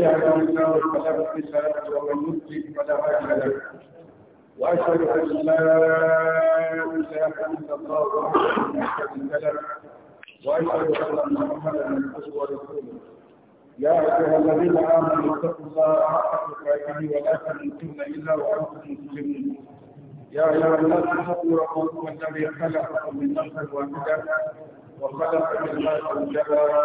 يهدى الله فلا مضل ومن يضلل فلا هادي واشهد ان لا اله الا الله وحده لا شريك له واشهد ان محمدا عبده ورسوله يا ايها الذين امنوا اتقوا الله حق تقاته ولا تموتن الا وانتم مسلمون يا ايها الناس اتقوا ربكم الذي خلقكم من نفس واحده وخلق منها زوجها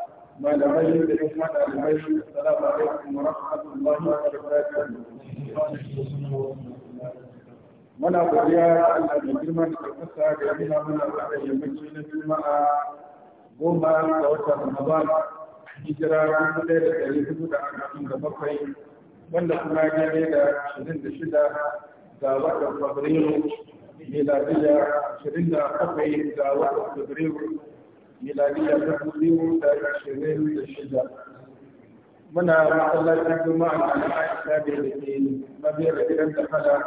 malamai da yan malamai da alaikum wa rahmatullahi wa barakatuh muna godiya Allah da girma da kasa da ya nuna mana wannan yammaci na juma'a goma ga watan Ramadan hijira dubu ɗaya da ɗari hudu da arba'in da bakwai wanda kuma daidai da ashirin da shida ga watan Fabrairu miladiyya ashirin da bakwai ga watan Fabrairu miladiya ta biyu da ashirin da shida muna masallacin juma'a na aisha da yake mabiyar gidan da hada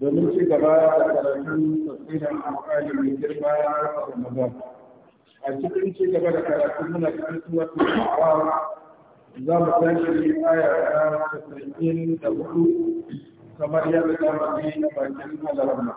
domin ci gaba da karatun tafsirin alƙali mai girma da maza. a cikin ci gaba da karatun muna cikin suwatu a za mu tashi aya ta casa'in da hudu kamar yadda ta mafi bakin alarma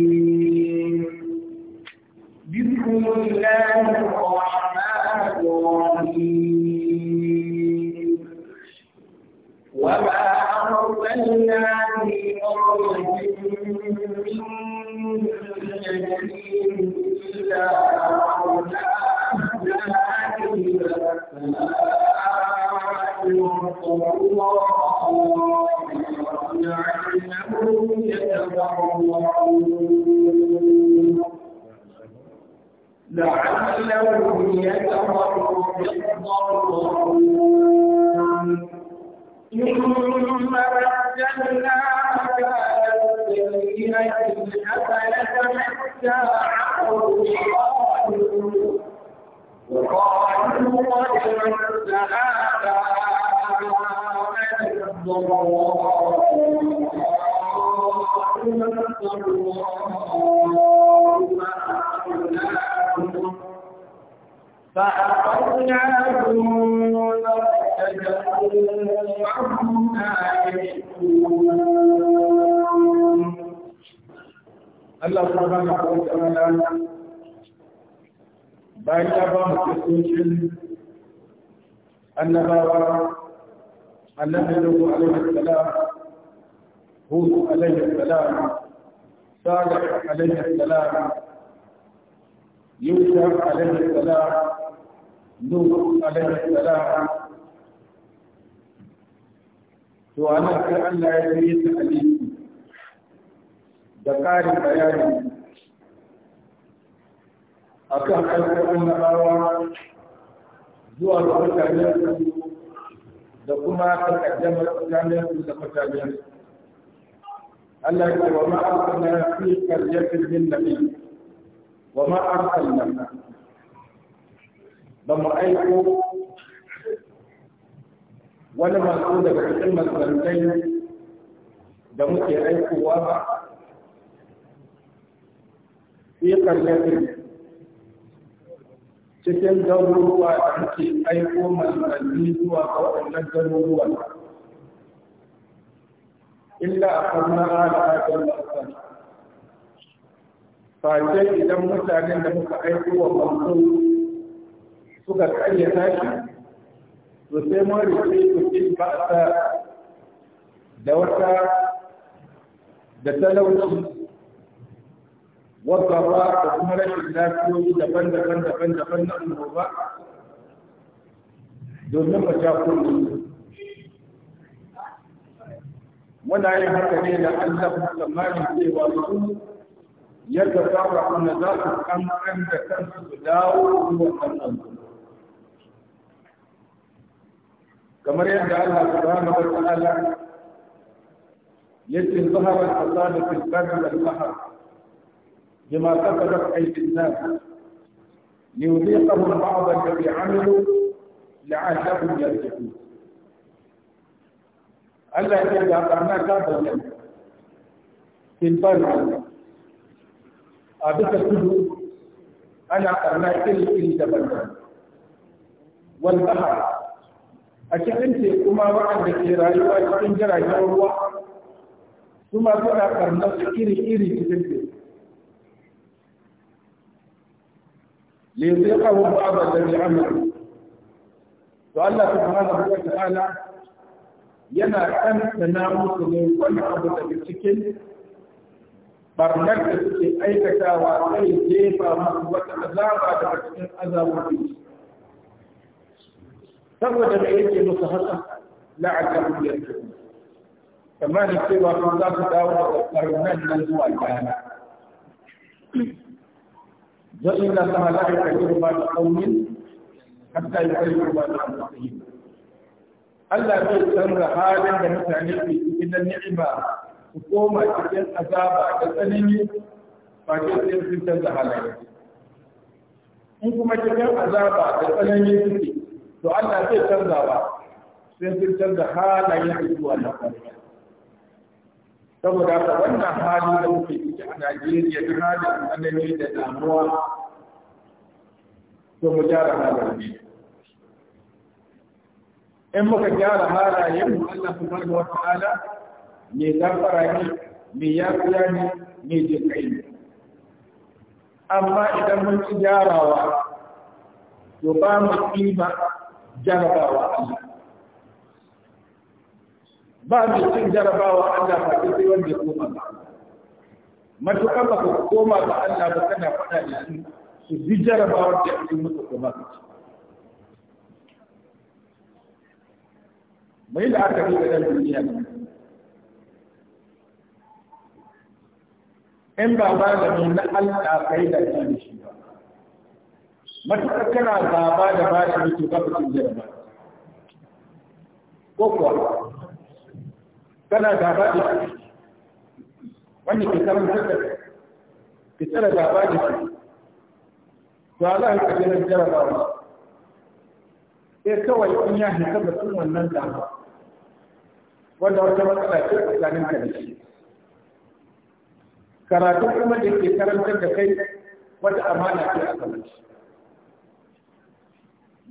sai Allah ya yi ta aliki da ƙarin bayani a kan ƙarfin annabawa zuwa ga mutanen da kuma takaddamar tsakanin su da mutanen Allah ya ce wa ma na fi qaryatin min nabi wa ma na ba mu aiko wani masu daga cikin masarantai da muke aikowa ba fi karnatin cikin garuruwa da muke aiko masarantai zuwa ga waɗannan garuruwa illa a kamar al'adar masarantai fashe idan mutanen da muka aiko wa manzo suka karyata tashi to sai mun rufe kucin ba'asa da wata da talauci wata ba da kuma rashin lafiyoyi daban-daban daban-daban na annoba domin ba ja kullum muna yin haka ne da Allah tsammanin cewa su yadda fara kuma za ku kankan da kansu su dawo zuwa kan kamar yadda Allah subhanahu wa ta'ala yace zahara al-asad fi al-barri wal-bahr bima kasabat aydi an-nas liyudhiqahum ba'd alladhi 'amilu la'allahum yarji'un Allah ya ga barna ka bayyana fil barri a bisa tudu ana karna ilmi da barna wal-bahr a cikin teku ma waɗanda ke rayuwa cikin jiragen ruwa su ma suna karnar iri-iri cikin teku ليذيقهم بعض الذي عملوا فالله سبحانه وتعالى yana ɗanɗana musu ne wani abu daga cikin barnar da suke aikatawa zai jefa musu wata azaba daga cikin azabobin سرد العلم المتحرك لعلهم يرجعون فما نكتب في الله داود القرون من هو الكلام وإن الله لا يكفر بعد قوم حتى يكفر بعد قومهم الا يسر حالا بمتعنيه إن النعمة حكومة تجد أزابة تسلم فاجد يسر تزهى عليه إنكم تجد أزابة تسلم يسر to Allah zai canza ba sai sun canza halayen da zuwa na saboda ka wannan hali da muke ciki a Najeriya da halin annabi da damuwa to mu gyara halin ne in muka gyara halayen mu Allah subhanahu wa ta'ala me zafara ne me yafiya ne me jinkai ne amma idan mun ci gyarawa to ba mu ba jarabawa Allah ba mai cin jarabawa Allah ba ta sai wanda koma ba matuƙar ba ka koma ba Allah ba kana faɗa da su su bi jarabawar da ake musu koma ka ci mai da aka yi da duniya ne in ba ba da na Allah kai da shi ba matuƙar kana gaba da ba shi mutu ba jirgin zai ba ko kuwa kana gaba da shi Wani ke samun haka ke tsara gaba da shi to Allah ya kaje nan jarabawa sai eh, kawai in ya hita batun wannan gaba wanda wata matsala ce tsanin ka da shi karatu kuma da ke karantar da kai wata amana ce a kamar shi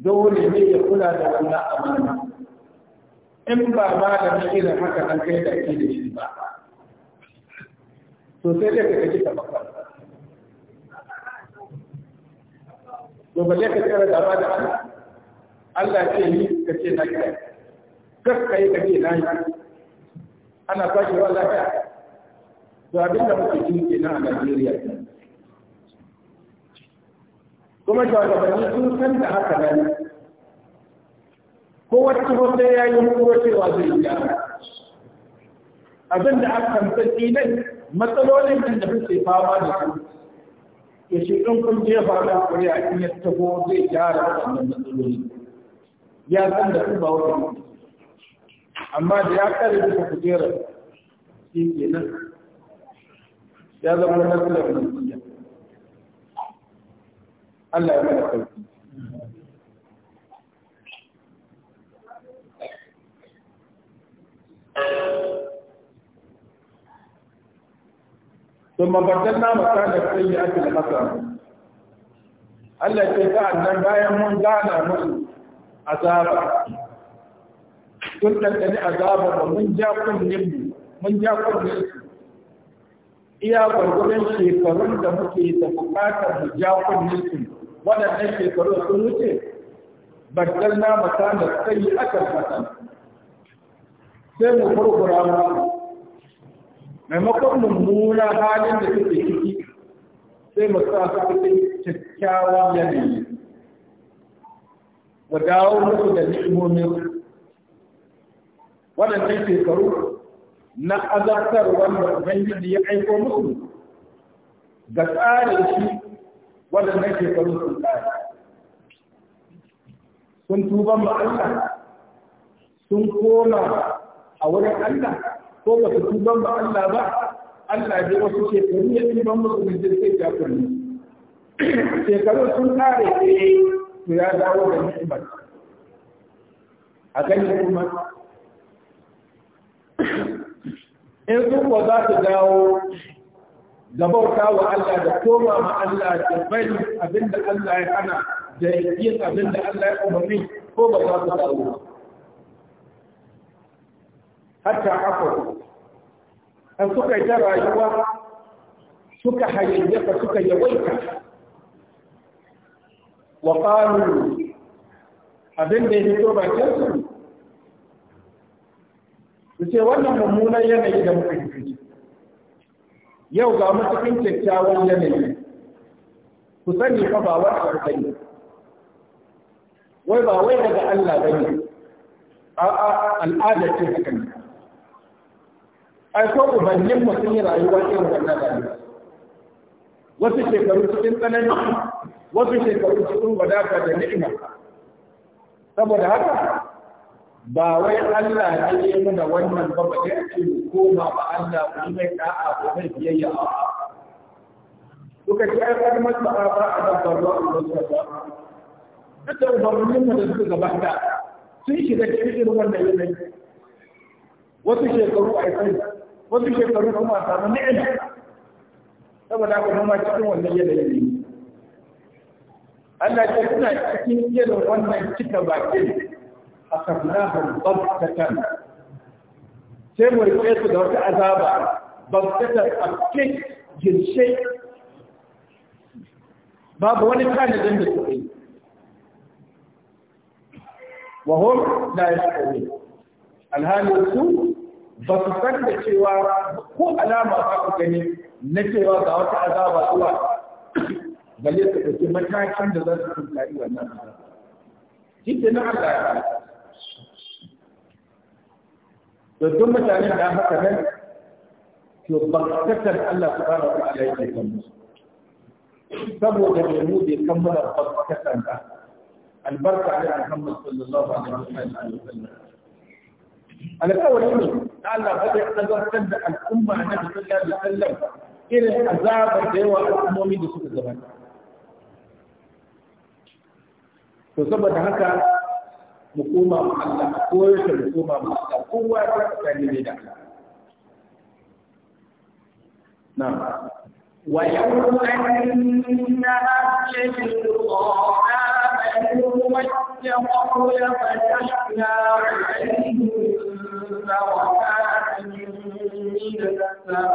dole ne ya kula da a amana in ba ma da na irin haka an kai da ake da shi ba to sai dai ka kaji ka baka to balle ka da ba da Allah ce ni ka ce na kai kakka kai ka ce na yi ana fashi wa lafiya to abinda da muke cikin a Najeriya kuma shugabanni sun san da haka nan kowace hoto ya yi hukumar cewa zai yi abin da aka kamfanci nan matsalolin da suke fama da su ya ce in kun jefa da kuriya in ya taho zai gyara wannan matsaloli ya san da su ba wata amma da ya kare bisa kujerar shi ke nan ya zama nasarar ألا يعمل الخير ثم بدلنا مكان السيئة المكان التي كانت نبايا من جانا من عذاب كنت تني عذاب ومن جاكم نبي من جاكم نبي iya gwargwadon shekarun da muke da bukatar mu ja kunninsu waɗannan shekaru sun wuce bakar na mata da sai akan mata sai mu kurkura mu maimakon mummuna halin da suke ciki sai mu sa su cikin kyakkyawan yanayi mu dawo musu da ni'imomin waɗannan shekaru na azabtar wanda Ubangiji ya aiko musu ga tsare shi wanda nake faru sun tsare. Sun tuba ma Allah, sun koma a wurin Allah, ko ba su tuba ma Allah ba, Allah ya bai wasu shekaru ya tuba musu da jirgin jakuni. Shekaru sun tsare ne, to ya dawo da ni'imar. A ganin kuma in su ko za su dawo da bauta wa Allah da koma ma Allah da bari abinda Allah ya hana da yin abinda Allah ya umarni ko ba za su dawo hatta haka an suka yi ta rayuwa suka hayayyafa suka yawaita wa qalu abinda ya fito bakin su su ce wannan mummunan yanayi da muka yi yau ga mu cikin kyakkyawan yanayi ku sani fa ba wani abu yi. wai ba wai daga Allah bane a'a al'ada ce ne. ai ko ubannin mu sun yi rayuwa irin wannan rayuwa wasu shekaru cikin tsanani wasu shekaru cikin wadata da ni'ima saboda haka ba wai Allah ya yi mana wannan ba ba ya ce mu koma ba Allah ku yi mai da'a ku mai biyayya a suka ce ai kan masa ba a da barwa Allah ta ba duk da umarnin mu da suka gabata sun shiga cikin irin wannan yanayi wasu shekaru a kai wasu shekaru kuma a samu ni'ima saboda ku kuma cikin wannan yanayi Allah ya tuna cikin irin wannan cika bakin أخذناهم ضبطة كم سيم ورقيت دورك عذابا ضبطة أكيد جنسي باب ولي كان ذنب سعيد وهم لا يشعرون الهان يسوع بطفن بشيوا هو علامة أخاك نتي وضع وضع عذاب الله بل يتبقى كما كان كان ذلك في الله والنبي جيت نعلى da duk mutanen da haka nan to bakkatar Allah subhanahu wa ta'ala yake kan musu saboda da mu bai kammala bakkatar da albarka ala Muhammad sallallahu alaihi wa sallam alƙawari ne Allah ba zai azartar da al'umma na sallallahu alaihi wa sallam irin azabar da yawa al'ummomi da suka gabata to saboda haka حكومة محلة mu Allah ko قوة mu koma mu Allah kowa ya tsakani ne da نعم ويوم أن أهل القرى آمنوا عليهم بركات من السماء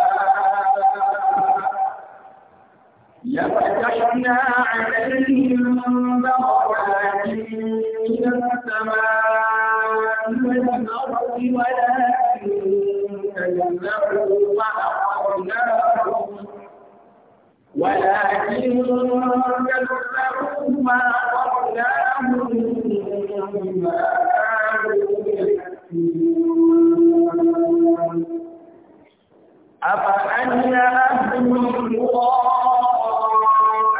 لفتحنا عليهم بركات السماء والأرض ولكن كذبوا وأخذناهم ولكن كذبوا وأخذناهم بما كانوا يكسبون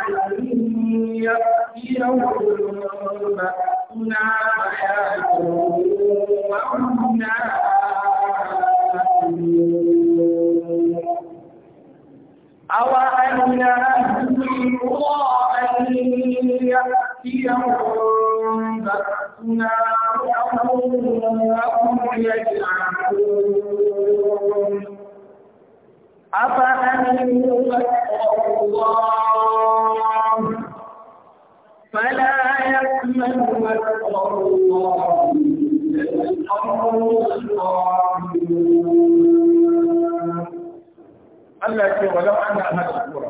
أن يأتيهم كنا وكنا أوأن الله أن يأتيهم بأسنا وهم يجعلون أفأمنوا مكر الله فلا يأمن مكر الله Allah ce wa lau ana hada kura.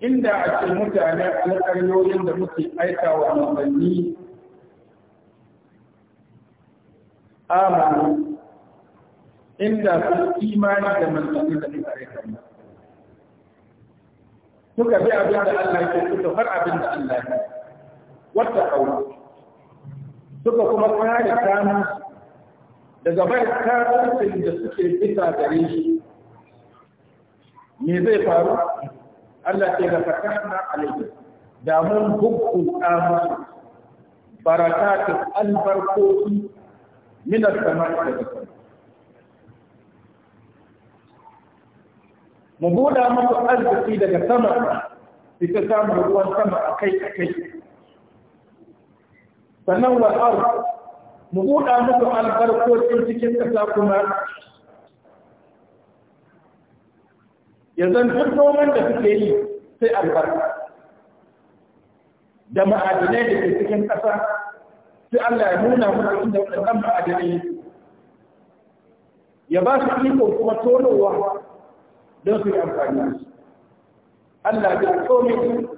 Inda a ce mutane alƙaryoyin da muke aika wa manzanni amanu inda su imani da manzanni da muka aika suka bi abin da Allah ke suka har abin da Allah ke wata kauna suka kuma kare kanu daga bai kafin da suke bisa gare shi me zai faru Allah ke da fatana alaihi da mun hukku kama barakatun albarkoki min as da sama mu buɗa musu arziki daga sama ita samun ruwan sama a kai a kai sannan wa ar mu buɗa musu albarkocin cikin ƙasa kuma ya zan duk noman da suke yi sai albarka da ma'adinai da ke cikin ƙasa sai Allah ya nuna muna inda waɗannan ma'adinai ya ba su iko kuma tonowa don su yi amfani da su Allah bai komai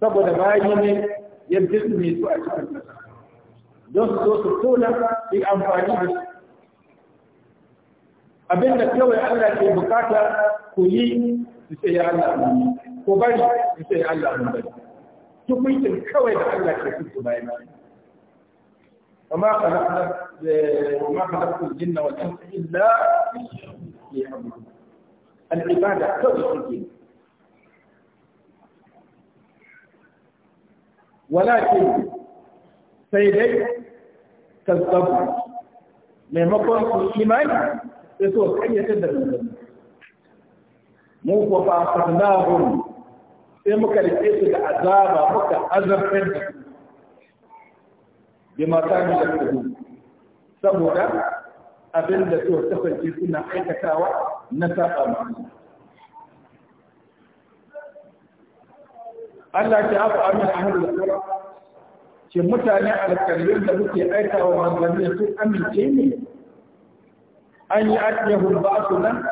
saboda bayi ne ya bisne su a cikin ƙasa don su zo su tona su yi amfani da su abinda kawai Allah ke bukata ku yi su ce ya Allah amin ku bari su ce ya Allah amin bari tukuncin kawai da Allah ke fito bayan وما خلقنا وما خلقت الجن والانس الا العبادة العبادة كوحدين ولكن سيدي كذبوا من مقام الإيمان يسوع حي تدر مو موقف أخذناهم في مكان يسوع عذاب مكة عذاب بما كان يكتبون سمو abin da suka kasance suna aikatawa na saba ma Allah ta afa amin ahlul qura ke mutane alƙalin da muke aikawa manzanni sun amince ne an yi atiyahun ba su nan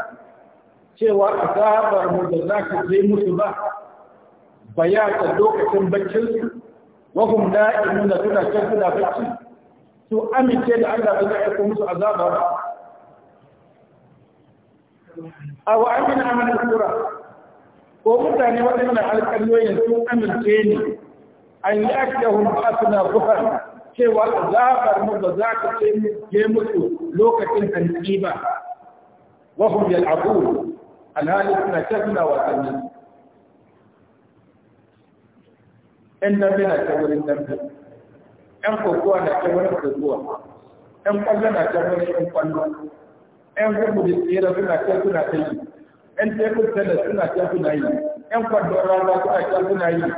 cewa azabar mu da za ka je musu ba bayata lokacin baccinsu wahum da'imuna suna can suna bacci to amince da Allah ba zai aiko musu azaba ba a wa amina amal kura ko mutane waɗannan alƙalloyin sun amince ne an yi akidahun ba suna buhar cewa azabar mu ba za ka ce je musu lokacin tantsi ba hum yal'abu alhali suna tafina wasanni in na bina ta wurin dambe 'yan kokowa na ke wani kokowa ‘yan kwallo na ke wani ‘yan kwallo ‘yan gudu da tsira suna ke suna ta yi ‘yan tekun tana suna ke suna yi ‘yan kwallo rana suna ke suna yi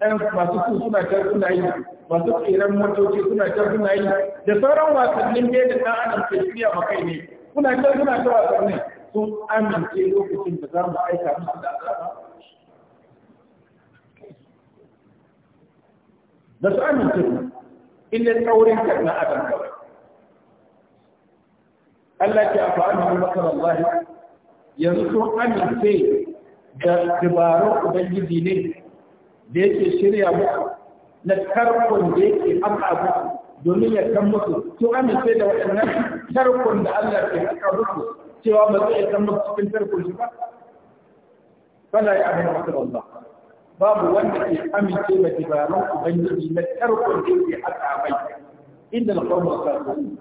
‘yan masu su suna ke suna yi masu tseren motoci suna ke suna yi da sauran wasannin ne da ɗan adam ke shirya ma kai ne suna ke suna ke wasannin sun amince lokacin da za mu aika musu da azaba da su amince inda tsaurin kan na adam kawai Allah ke amfani da masarar yanzu sun amince da dabarun ubangiji ne da yake shirya muku na tarkon da yake amma haka domin ya kan musu sun amince da waɗannan tarkon da Allah ke haka musu cewa ba zai kan musu cikin tarkon shi ba kana yi abin masarar Allah babu wanda ke amince da dabarun ubangiji na karkon da ke haka mai inda na kawo masu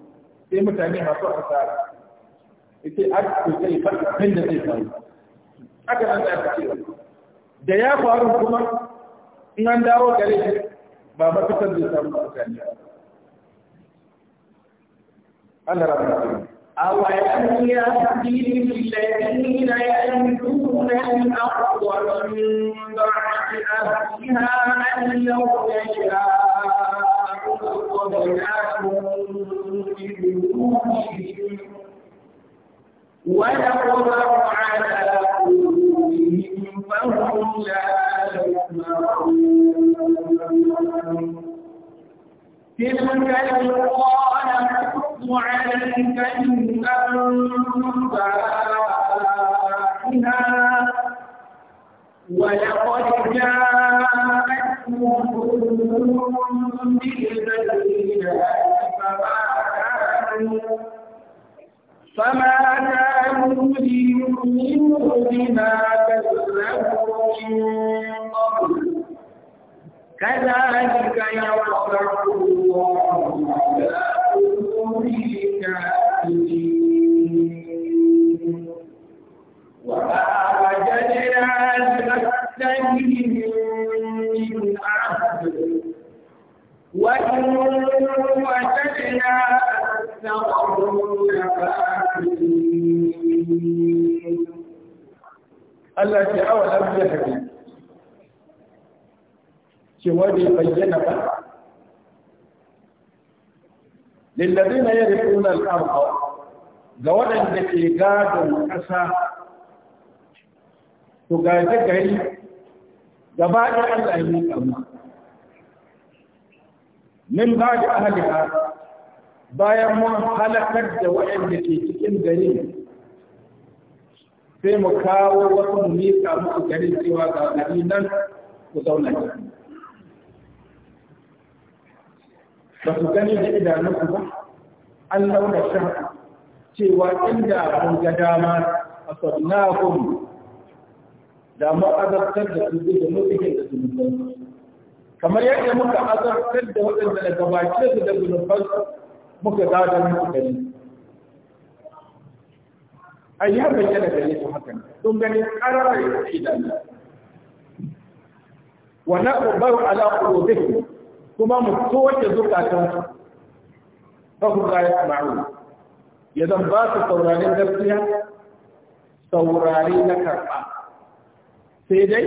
sai mutane masu asara ita aka sai fadin da zai faru aka nan da aka cewa da ya faru kuma in an dawo gare shi ba mafitar zai samu mutane Allah rahmatullahi أولم يهدي للذين يأتون الأرض من بعد أهلها أن لو نشاء أخذناهم بذنوبهم ونقدر على قلوبهم فهم لا يسمعون تلك القرى عليك من أنبائها ولقد جاءتهم بالبينات فما كانوا فما كانوا ليؤمنوا بما كذبوا قبل كذلك يطبع الله وما وجدنا Allah ce awa lam ya ke cewa bai bayyana ba lilladina yarifuna al-ardh ga waɗanda ke gadon ƙasa to ga ta gari gaba da Allah ya kama min ba da bayan mun halakar da waɗanda ke cikin gari sai mu kawo wasu mu musu gari cewa ga gari nan ku zauna ciki ba su gani da ku ba an launa shafa cewa inda kun ga dama a da mu azabtar da su da mutukin da zunuban kamar yadda muka azabtar da waɗanda daga bakin su da zunuban muka gada musu gani a yi haka yana gare su hakan sun gani ƙarar ya fi da wa na ubaru ala qulubihim kuma mu toke zukatan su Ta hum la yasma'un ya zan ba su saurarin gaskiya saurari na karɓa sai dai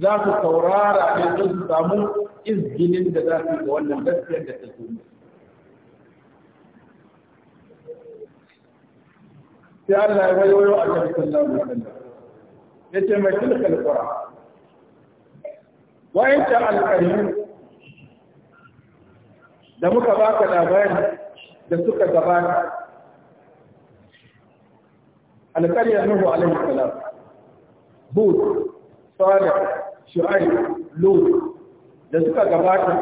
za su saurara ne don su samu izginin da za su yi ga wannan gaskiyar da ta zo sai Allah ya wayoyo a Nabi sallallahu alaihi wasallam yace mai tilkal qura wa anta al-qarim da muka baka labari da suka gabata al-qaryah nuhu alaihi salam hud salih shu'aib lut da suka gabata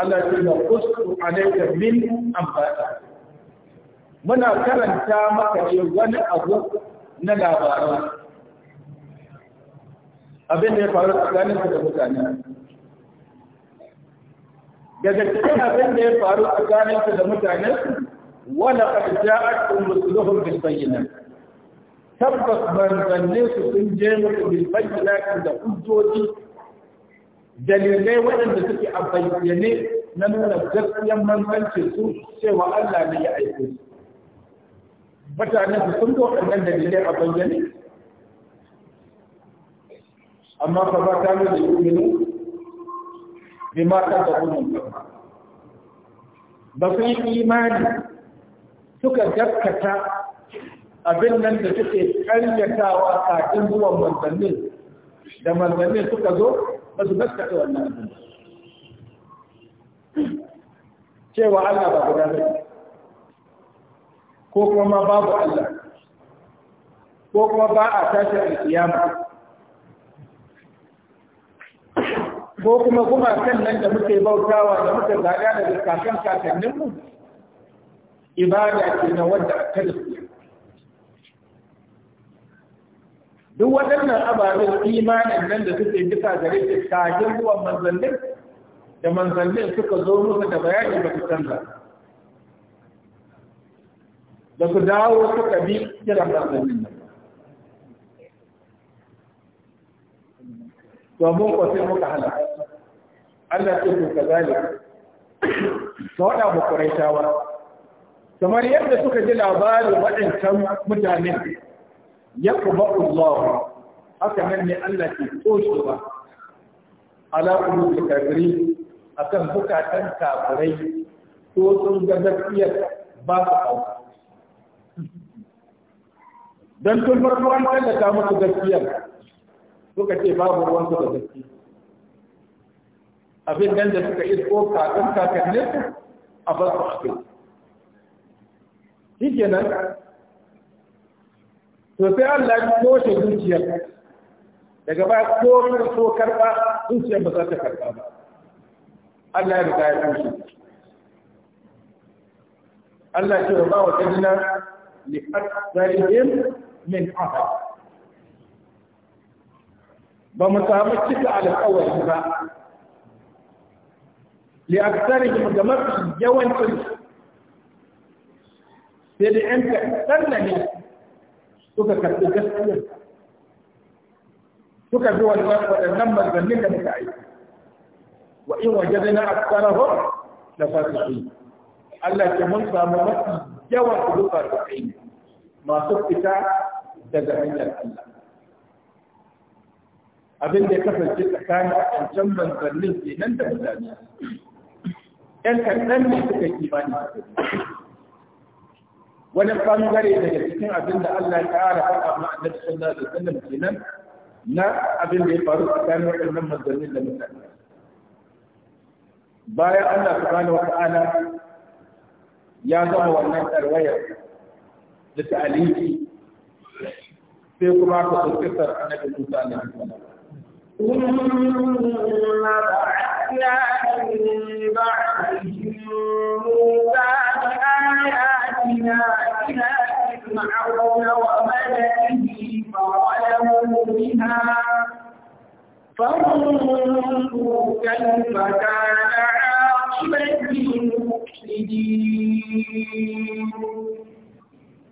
Allah ce da usku alayka min amfata muna karanta maka ce wani abu na labaran abin da ya faru tsakanin da mutane daga cikin abin da ya faru tsakanin da mutane wala qad ja'at umruluhum bil bayyinati tabbas manzannin su sun je musu bil bayyinati da hujjoji dalilai waɗanda suke a bayyane na nuna gaskiyan manzancin su cewa Allah ne ya aiko su mutane su sun zo waɗannan dalilai a bayyane amma fa ba ta nuna yu'minu bima ta tabbunu ba su yi imani suka gaskata abin nan da suke karyatawa kafin ruwan manzannin da manzannin suka zo ba su gaskata wannan abin cewa Allah ba guda ne ko kuma babu Allah ko kuma ba a tashi kiyama ko kuma kan nan da muke bautawa da muke zaɗa daga kakan kakanninmu ibada ce na wanda a da duk waɗannan ababen imanin nan da suke bisa gare shi kafin zuwan manzannin da manzannin suka zo musu da bayani ba su canza da su dawo suka bi kiran manzannin nan domin ko sai muka hana Allah ce ku kazalika ka waɗa mu kuraitawa kamar yadda suka ji labarin waɗancan mutanen ne Allah ke يقبأ الله أكمن الله في توشبة على kafirai الكافرين sun ga gaskiya ba su باطئة dan tun farko an tallata musu gaskiya suka ce babu ruwan su da gaskiya abin nan da suka isko kakan ne a ba a shi to sai Allah ya toshe zuciyar daga baya ko ko karba zuciyar ba za ta karba ba Allah ya riga ya toshe Allah ya ce wa ba wa kadina li aktharihim min aha ba mu samu cika alƙawari ba li aktharihim ga mafi yawancin sai da 'yan kaɗan ne suka karɓi gaskiyar suka bi waɗannan manzannin da muka aiki wa in waje na wajadna aktharahum la fasiqin Allah ke mun samu mafi yawan kudubar da kai masu fita daga hanyar Allah abin da ya kasance tsakanin wancan manzannin nan da mutane ‘yan kaɗan ne suka kimani wani bangare daga cikin abin da Allah ya ƙara faɗa ma annabi sallallahu alaihi wasallam kenan na abin da ya faru a tsakanin waɗannan manzannin da mutane bayan Allah subhanahu wata'ala ya zama wannan tarwayar da ta aliki sai kuma ka tsokisar annabi Musa alaihi wasallam ثم بعثنا أوحينا إلى فرعون وملئه فظلموا بها فانظروا كيف كان عاقبة المفسدين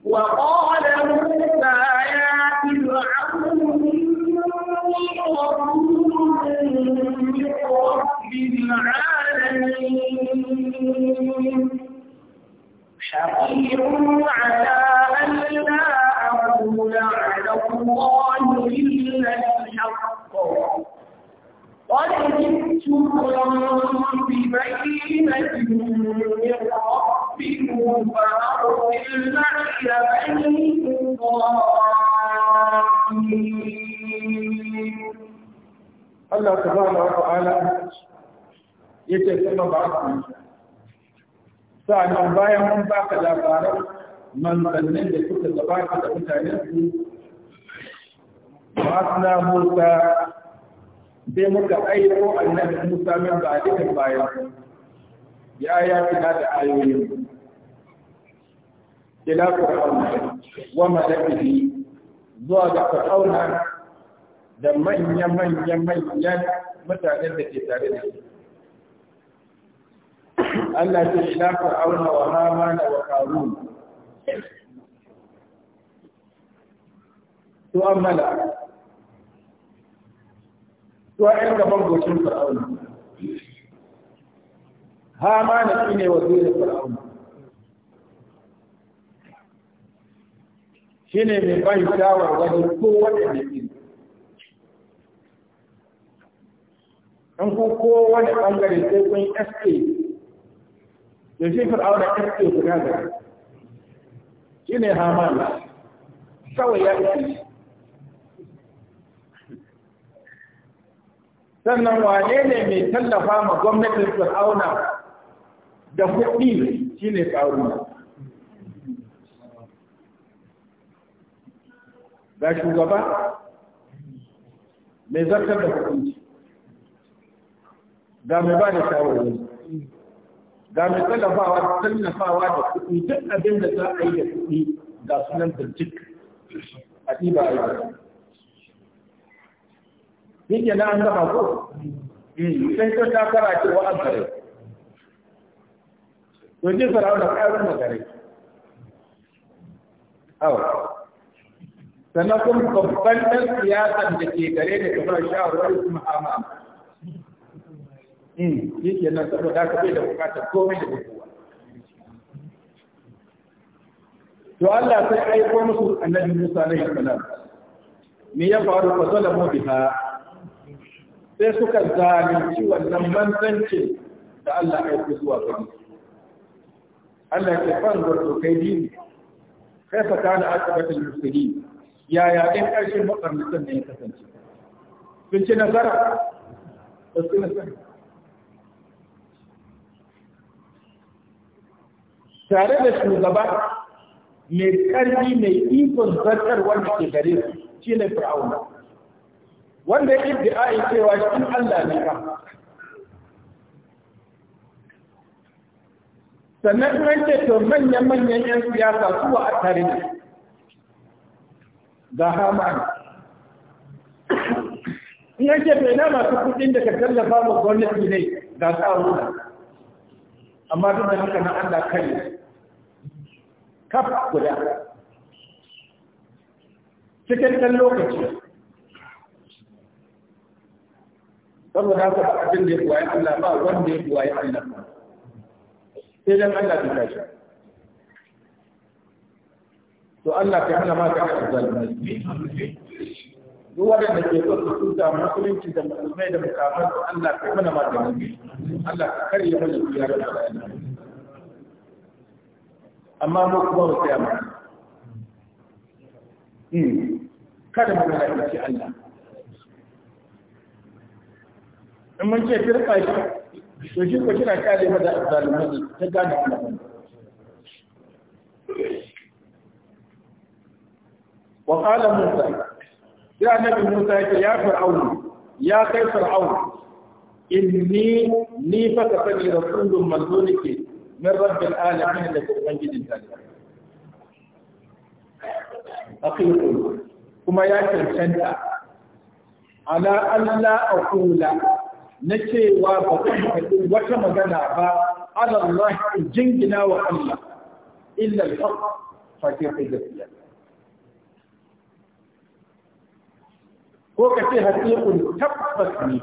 وقال موسى يا فرعون إني العالمين شقير على أن لا أقول على الله إلا الحق قد جئتكم ببينة من ربكم فأرسل معي بني الله سبحانه وتعالى يتسمى بعض المشاهد sa'an bayan mun baka labaran manzannin da suka gabata da mutanen su na musa sai muka aiko annabi musa min ba duka bayan ya ya na da ayoyin ila fir'auna wa malakihi zuwa ga fir'auna da manya manya manyan mutanen da ke tare da su Allah ce ila auna wa da wa qarun to Su to ayyukan gaban gocin fir'auna wa shine wazirin Shi ne mai bai wajen ko waɗanda iri in ku kowane ɓangare sai kun sk yanzu shi fir'auna ƙarfe guda da shi ne haman kawai ya isi sannan wane ne mai tallafa ma gwamnatin fir'auna da kuɗi shi ne ƙaruna ga shugaba mai zartar da hukunci ga mai ba da shawarwari ga mai tallafawa tallafawa da kuɗi duk abin da za a yi da kuɗi ga sunan birjik a ɗiba a yi yake na an gaba ko eh, sai ta takara ce wa'an kare to ji fara da ƙarin magare awa sannan kuma babban ɗan siyasar da ke gare da kamar shawarwar su ma'amma Hmm, shi ke nan saboda haka bai da bukatar komai da kowa to Allah sai aiko musu annabi Musa na salam me ya faru fa mu biha sai suka zalunci wannan manzanci da Allah ya aiko zuwa gare Allah ke fanzar to kai dini kai fa kana akabatul muslimin ya ya dai karshen makarnatan ne ya kasance sun ci nasara ba su nasara tare da shugaba mai ƙarfi mai ikon zartar wanda ke gare su shi ne fir'auna wanda ya iddi'ai cewa shi Allah ne ka sannan in ce to manya-manyan 'yan siyasa suwa a tare ne ga haman in an ce to ina masu kudin da ka tallafa ma gwamnati ne ga tsaro amma duk da haka na Allah kai kaf guda cikin ɗan lokaci saboda haka ba abin da ya kuwaye Allah ba wanda ya kuwaye Allah sai dan Allah bai tashi to Allah ka hana ma ka hana zalimi duk waɗanda ke so su tuta musulunci da musulmai da mukamman Allah ka hana ma ka Allah ka karya mana ziyarar da Allah أما مكبر في أمان كان من أجل في الله أما أنت في رقائك وجدك مدى أفضل مني وقال موسى يا نبي موسى يا فرعون يا قيس فرعون إني نيفك فني رسول من دونك من رب العالمين الذي أنجد أقول وما يأكل سنة على أن لا أقول نتي وابطن حدود وكما على الله جنجنا وأمنا إلا الحق فكيف يجب هو كفي حقيق تقفتني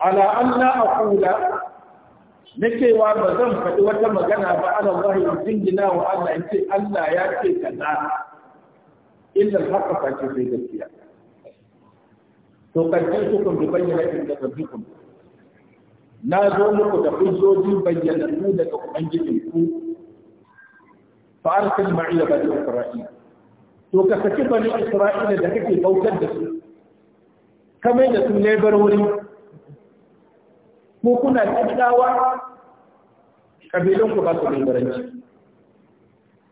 على أن لا أقول na wa ba zan faɗi wata magana ba ala wahi jingina wa Allah in ce Allah ya ce kaza illa haka face sai gaskiya to karshen su kun bayyana in da ku. na zo muku da hujjoji bayyanannu daga ubangijin ku fa arsil ma'iya bani isra'ila to ka saki bani isra'ila da kake bautar da su kamar da sun lebar wuri ko kuna kaddawa kabilun ku ba su lebaranci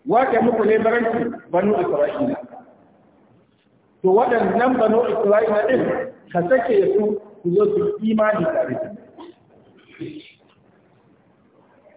wake muku lebaranci banu isra'ila to waɗannan banu isra'ila din ka sake su ku zo su imani tare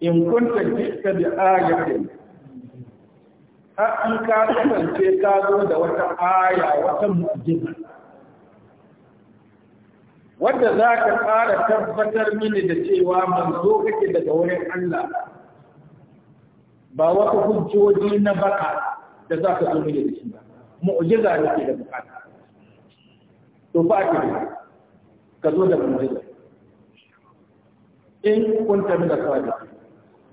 In kunta jikta da ayatun, har an ka kasance ka zo da wata aya wata mu'ajina, Wanda za ka fara tabbatar mini da cewa manzo kake daga wurin Allah ba wata hujjoji na baka. da za ka zo mini da shi ba mu'jiza ne ke da bukata to fa ake ka zo da mu'jiza in kun kunta min asadi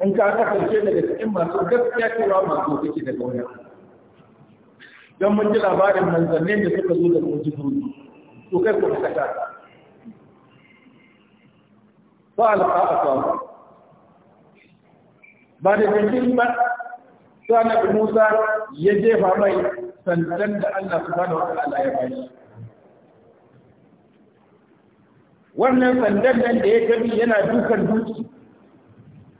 in ka kasance daga cikin masu gaskiya cewa masu kake daga wani don mun ji labarin manzannin da suka zo da mu'jizoji to kai ku ka ta fa alqa asawa ba da jinkiri ba sai annabi Musa ya jefa mai sandan da Allah su subhanahu wata'ala ya bashi wannan sandan nan da ya tabi yana dukan duki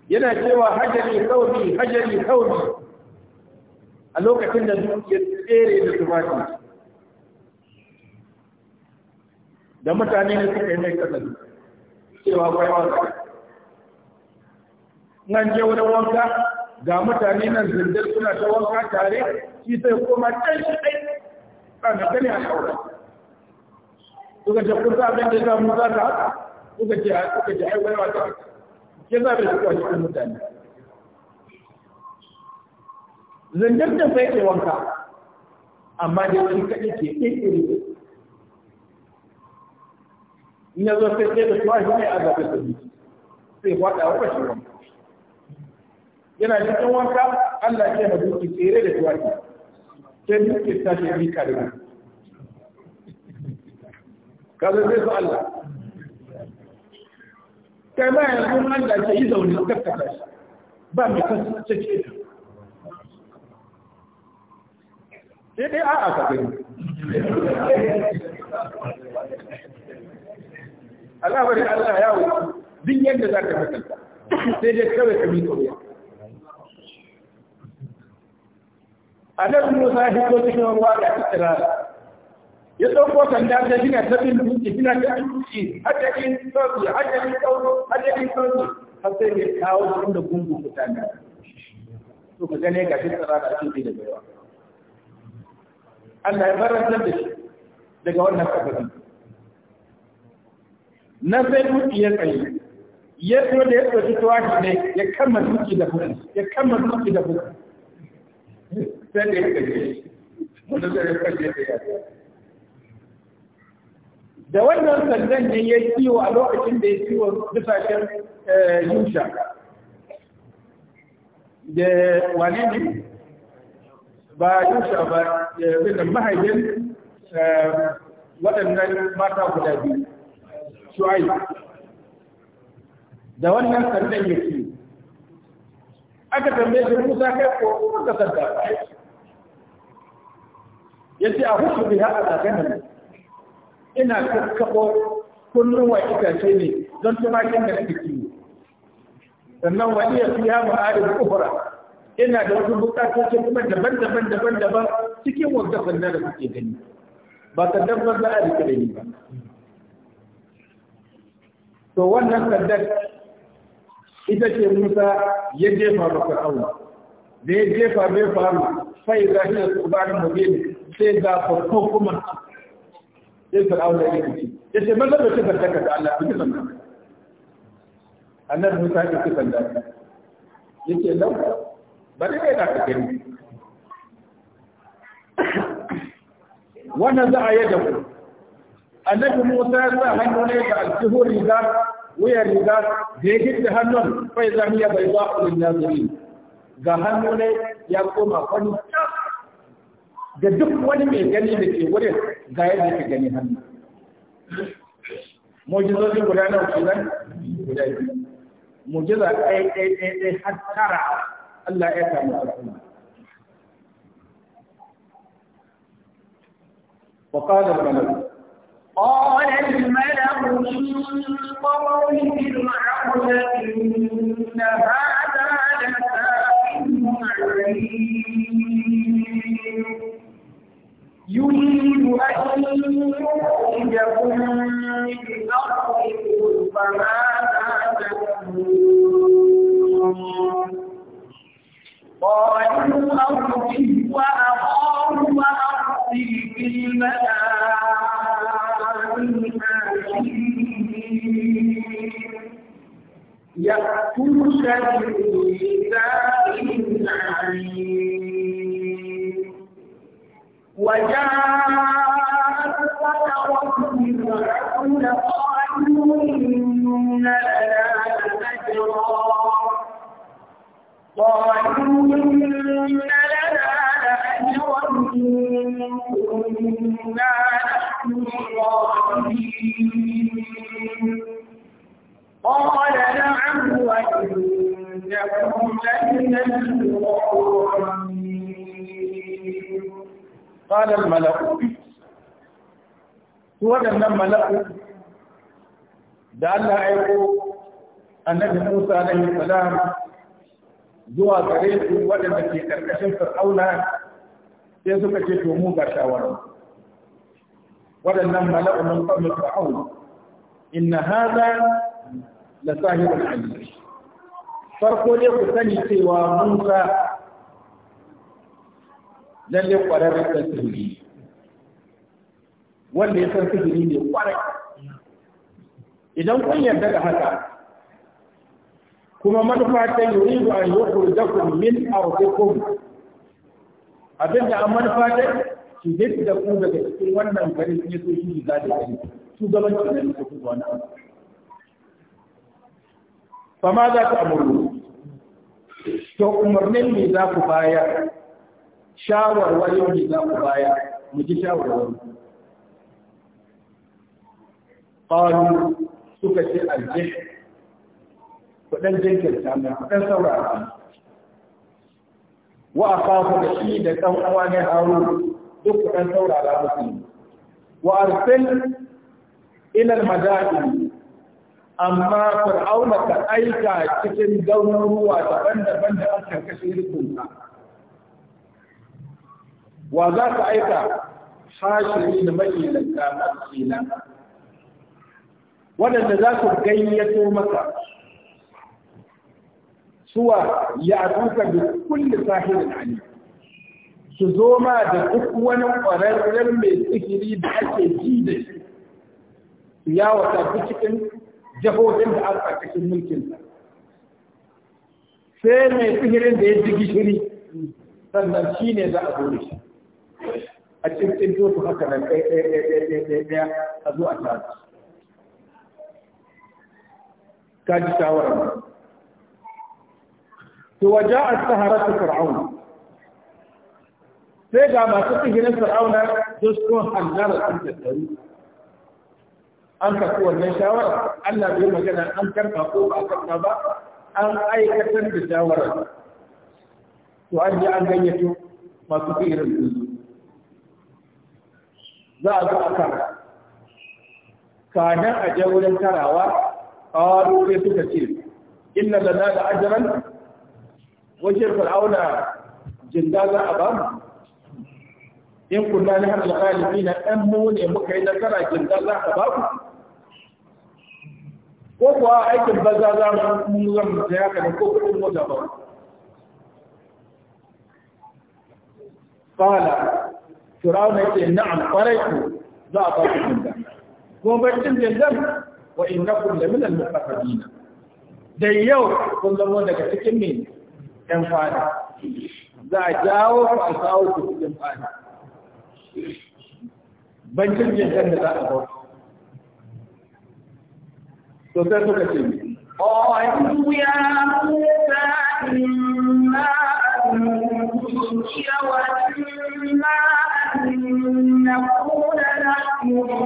yana cewa hajari sauri, hajari sauri a lokacin da duki ya tsere da tufafi da mutane ne suka yi mai kasar cewa kwaiwa nan je wurin wanka ga mutane nan zindar suna ta wanka tare shi sai koma can shi ɗai ɗana gani a shaura kuka ce kun sa zaɓen da zamu za ta haka kuka ce kuka ce ai wani wata ke zaɓe su kwa cikin mutane zindar da sai ke wanka amma da wani kaɗai ke ɗin in ya zo sai sai da tuwa shi ne a zaɓe su sai faɗa wa shi wanka yana cikin wanka Allah ke da duki tsere da tuwaki sai duki ta ce rika da ka zai zai su Allah kai ba yanzu Allah ke yi zaune kakkata shi ba mai kasance ce ta sai dai a'a ka gani al'amarin Allah ya wuce duk yadda za ka fi sai dai kawai ka miƙa wuya annabi Musa ya fito cikin ruwa da tsirara ya ɗauko sanda ta gina ta bin dutse gina ta bin dutse hajjakin sauki hajjakin sauro hajjakin sauki har sai mai kawo cikin da gungun mutane to ka gane ga shi tsirara ce da yawa Allah ya barantar da shi daga wannan kabarin na sai dutse ya tsaye ya so da ya tsoci tuwa ne ya kama dutse da hudu ya kama dutse da hudu da ya da ya wannan sandan ne ya ciwo a lokacin da ya ciwo bisashen eh, yusha da wani ne ba yusha ba da eh, mahaifin eh, waɗannan mata guda biyu shu'ai da wannan sandan ya aka tambaye shi musa kai ko kuma da sarka ya ce a hutu bi ha a kana ina kakkaɓo kullum wa itace ne don kin da suke kiwo sannan wa iya fiya ma'arin kufura ina da wasu bukatocin kuma daban-daban daban-daban cikin wanda sannan da suke gani ba ta dabbar za a rike da ni ba to wannan sandar ita ce Musa ya jefa ba Fir'auna da ya jefa bai faru sai za shi su ba mu sai ga farko kuma sai Fir'auna ya ce ya ce maza da cikin daga da Allah kika sanda. annabi Musa ya fi sanda. Ya ce nan ba ne ya ka gani wannan za a yi da ku annabi Musa ya sa hannu ne ga alkihuri riga. wuyar riga da ya gidda hannun fai zamiya bai za a lullu nazari ga hannu ne ya koma kwani da duk wani mai gani da ke wurin ga yadda ka gani hannu mujizozin guda nawa kenan guda biyu mujiza ɗaya ɗaya ɗaya ɗaya har tara Allah ya samu al'umma وقال الملك قال الملأ من قوم فرعون إن هذا لساحر عليم يريد أن يخرجكم من أرضكم فماذا تكون قالوا أرجه وأخاه وأرسل في المدينة وجعل ƙalar mala'u su waɗannan mala'u da Allah aiko annabi Musa alaihi salam zuwa gare su waɗanda ke ƙarƙashin fir'auna sai suka ce to mu ga shawara waɗannan mala'u min qabl fir'aun inna hadha la sahibul alim farko dai ku sani cewa Musa lalle kwararren ɗan sihiri wanda ya san sihiri ne kwarai idan kun yarda da haka kuma manufa ta yuridu an yukhrijakum min Abin abinda an manufa ta zai fi da ku daga cikin wannan gari ne so shi za da gari su ne da ku wannan fa ma za ku amuru to umarnin me za ku bayar shawarwarin da za ku baya mu ji shawarwarin qalu suka ce aljih kudan jinkirta mai kudan saurara wa akafu da shi da dan uwa ne haru duk kudan saurara musu wa arsil ila almadain amma fir'auna ka aika cikin gauruwa daban-daban da aka kashe rukunta wa za ka aika hashiri da makilanka makilana waɗanda za su gayyato maka suwa ya atuka da kulle sahirin ali su zo ma da duk wani ƙwararren mai tsikiri da ake ji da shi Ya yawa tafi cikin jihohin da aka cikin sai mai tsikirin da ya ji gishiri sannan shi ne za a zo da shi a cikin su haka nan ɗaya ɗaya ɗaya a zuwa ta tare ka ji shawarar to waje a sahara ta fir'auna sai ga masu tsihirin fir'auna sun sun hannar an tattari. an karɓi wannan shawara Allah bai magana an karɓa ko ba a karɓa ba an aikatar da shawara to an ji an ganyato masu tsihirin sun za a zo a kara kanan a je wurin karawa ƙaru sai suka ce inna lana da ajiyar wajen fir'auna jinda za a bamu in kuna ni har alƙalibi na ɗan mu ne muka yi nasara jinda za a bamu ko kuwa aikin baza za mu zan mu saya kada ko kuɗin mota ba qala fir'auna yake na'am kwarai ku za a ba ku jindan kuma bakin jindan wa innakum la min al-muqarrabin da yau kun zama daga cikin me ɗan fada za a jawo ku a kawo ku cikin fada bankin jindan da za a ba to sai suka ce قالوا يا موسى إما أن تلقي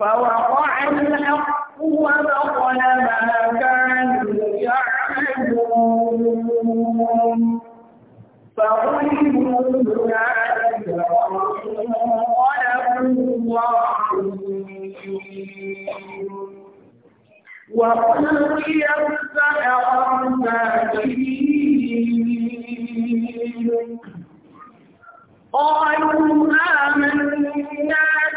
فوقع الحق وبطل ما كانوا يعملون فغلبوا هنالك وانقلبوا ظالمين وألقي السحرة ساجدين قالوا آمنا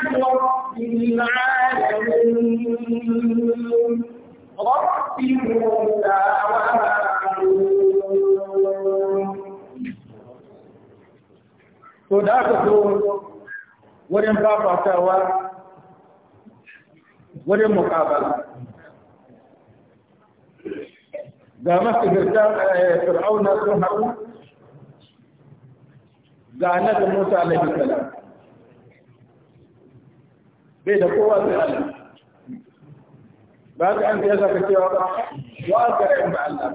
برب العالمين da aka zo wajen fafatawa wajen mukabala. Ga masu girta eh, fir'auna sun haɗu ga da Musa alaihi bai da kowa sai Allah ba ka an ya zaka cewa ba wa ka kan ba Allah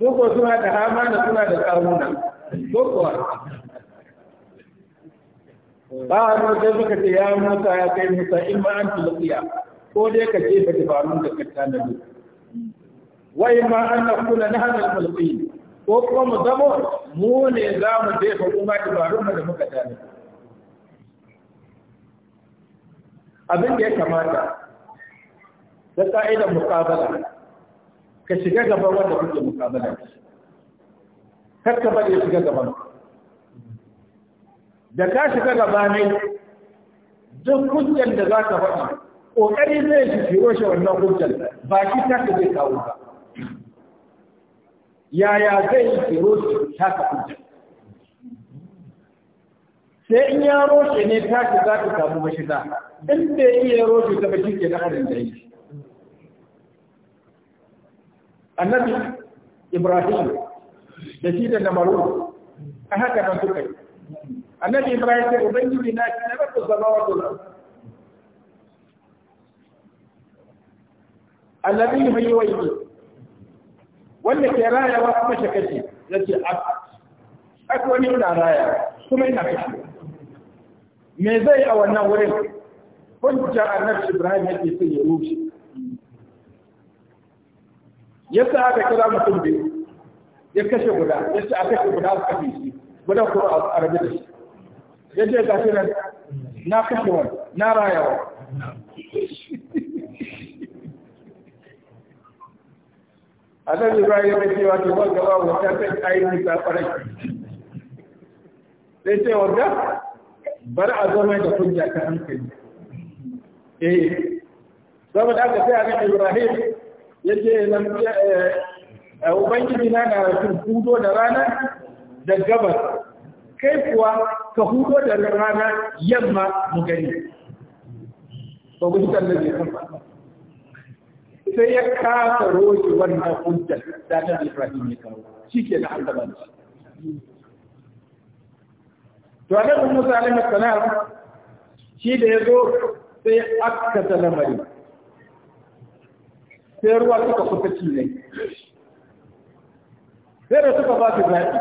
doko suna da hamana suna da karmuna doko ba a nan sai suka ce ya musa ya kai musa in ma an tulaqiya ko dai ka ce ba dabarun da ka tanadi wa in ma an nakuna nahnu al-mulqin ko kuma mu zamo mu ne za mu jefa kuma dabarun da muka dame abin da ya kamata da ka'idar muƙabala ka shiga gaban wanda kuke muƙabala kar ka bari shiga gaban da ka shiga gaba ne duk hujjar da za ka faɗi ƙoƙari zai shi shiro shi wannan hujjar ba shi ta ka zai kawo ba yaya zai yi ki roce ta ka kunta sai in ya roce ne ta ki za ta samu mashiga in da iya roce ta bashi ke na'arin da yi annabi ibrahim da shi da namaru a haka nan suka yi annabi ibrahim sai ubangiji na shi na rabu zama wato الذي هو يويني wanda ke rayawa kuma mace kashi ya ce ah, a wani na raya kuma yana kashi me zai a wannan wurin hujjar annabi ibrahim yake sai ya rushe sa aka kira mutum biyu ya kashe guda ya ce a kashe guda a kashe shi guda kuma a rabe da shi ya ce ga shi na kashe wani na rayawa annabi ibrahim ya ce wato ban gaba mu ta kai ayi ta farai sai ce wanda bar a zama da hujja ta hankali eh saboda haka sai annabi ibrahim ya ce lam eh, eh, ubangiji na na hudo da rana da gabas kai kuwa ka hudo da rana yamma mu gani to gushi kan da zai kafa sai ya kasa roƙi wannan hujjar da ta Ibrahim ya kawo shi ke na an da to a nan Musa alaihi salam shi da ya zo sai ya akkata lamari sai ruwa suka kusa ci ne sai da suka ba su zaɓi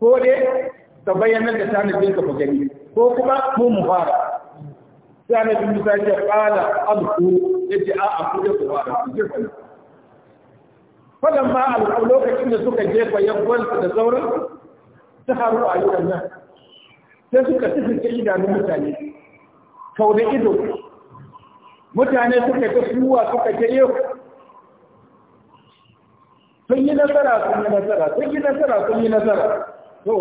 ko dai ta bayyana da tanadin ka ku gani ko kuma mu mu fara sai annabi Musa ya qala alqu yace a a ku ku fara jefa falan ma alqu lokacin da suka jefa yabban da sauran saharu ayyukan nan sai suka tafi idanun mutane kau da ido mutane suka ta suwa suka ta yau sun yi nasara sun yi nasara sun yi nasara sun yi nasara to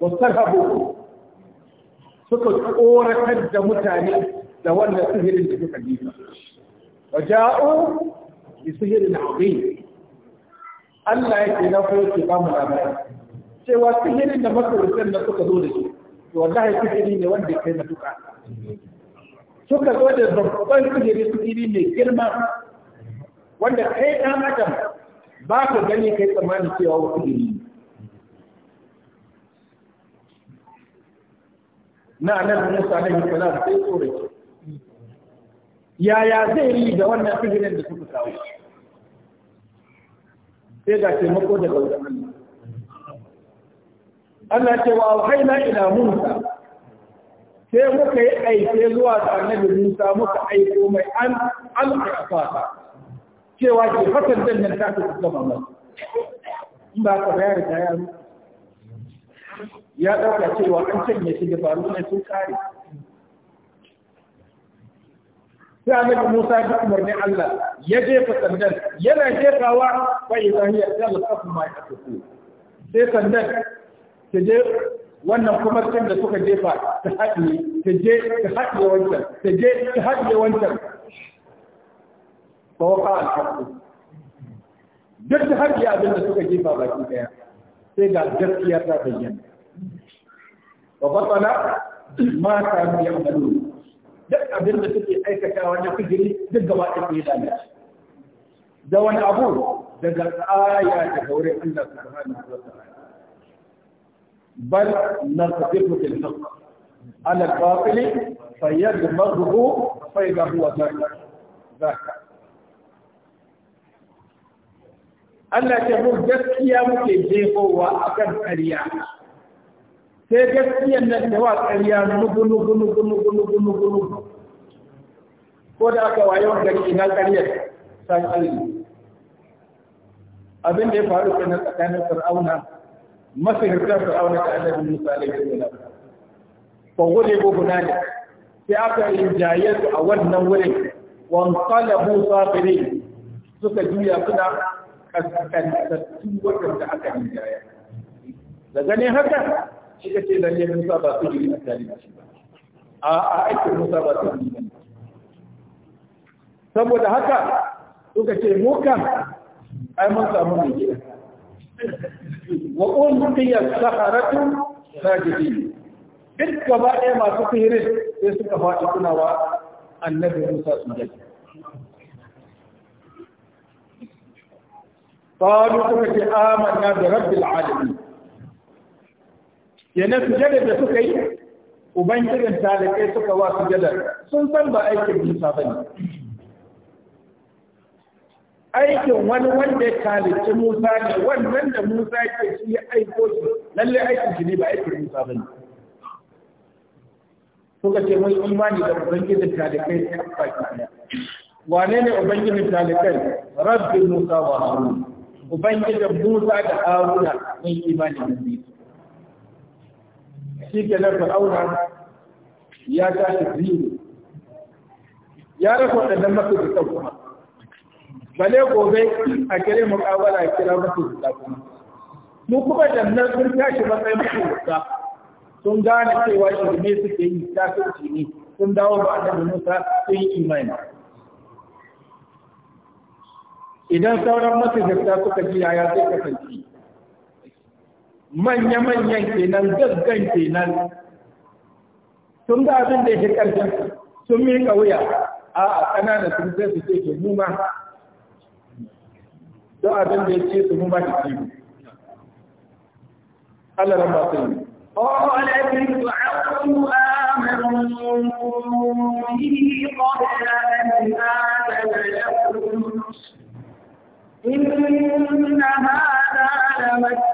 wasarhabu suka tsoratar da mutane da wannan sihirin da suka jifa wa ja'u bi sihirin azim Allah yake na ko ke ba mu labari cewa sihirin da makarutan da suka zo da shi to wallahi sihiri ne wanda kai na duka suka zo da babban sihiri sihiri mai girma wanda kai ɗan adam ba ka gani kai tsammani cewa wasu sihiri na nan Musa alaihi salam sai tsore yaya zai yi da wannan sihirin da suka kawo sai ga taimako daga wajen Allah Allah ce wa auhaina ila Musa sai muka yi aike zuwa ga annabi Musa muka aiko mai an al'afata cewa ke fatan dannan ta ku gama mai in ba ka bayar da yaro ya ɗauka cewa an canye shi da faru ne sun kare sai annabi Musa ya umarnin Allah ya jefa sandan yana jefawa fa idza hiya talqaf ma yaqtu sai sandan ta je wannan kuma can da suka jefa ta haɗe ta je ta haɗe wancan ta je ta haɗe wancan fa waqa al-haqq duk da haɗe abin da suka jefa baki ɗaya, sai ga gaskiya ta bayyana wa batala ma ta ya amalu duk abin da suke aikatawa na fijiri duk gaba ɗaya ya lalace da wani abu daga aya daga wurin Allah subhanahu wa ta'ala bal naqifu bil haqq ala al batil fayadmaghu fayda huwa zaka Allah ta mu gaskiya muke jefowa akan karya. sai gaskiyan nan da wa ƙarya nugu nugu nugu nugu nugu nugu ko da aka wayo wanda ke na ƙaryar san alli abin da ya faru na tsakanin fir'auna masihirtar fir'auna da annabi Musa alaihi salam fa gode go gunani sai aka yi su a wannan wurin wan qalabu sabirin suka juya suna wajen da aka yi rinjaye da ganin haka kika ce Musa ba su giri a shi ba a aikin Musa ba su saboda haka suka ce mukan, ai mun samu mai gida wa qul hiya saharatu sajidin duk ba ɗaya masu firi sai suka faɗi tunawa, annabi Musa su jaji قالوا كما آمنا برب العالمين Yana sujadar da suka yi ubangijin talibai suka wa sujadar sun san ba aikin musa ba ne aikin wani wanda ya talibai musa ne wannan da musa ke shi ya aiko shi lalle aikin shi ne ba aikin musa ba ne suka ce mun imani da ubangijin talibai ta baki ɗaya wane ne ubangijin talibai rabbi musa wa haruna ubangijin musa da haruna mun imani da musa shi ke nan fir'auna ya tashi zero ya rasa waɗannan masu da kuma bale gobe a kere muƙawar a kira masu da kuma mu kuma da nan sun tashi matsayin masu da sun gane cewa shi ne suke yi tasirci ne sun dawo ba da Musa sun yi imani idan sauran masu da suka ji yaya zai kasance manya-manyan kenan gaggan kenan sun ga abin da ya sun miƙa wuya a ƙananan sun su ce ke muma don abin da ya ce su muma ta ciwo Allah ran ba su yi قال فرعون آمنوا قبل أن آمن لكم إن هذا لمسجد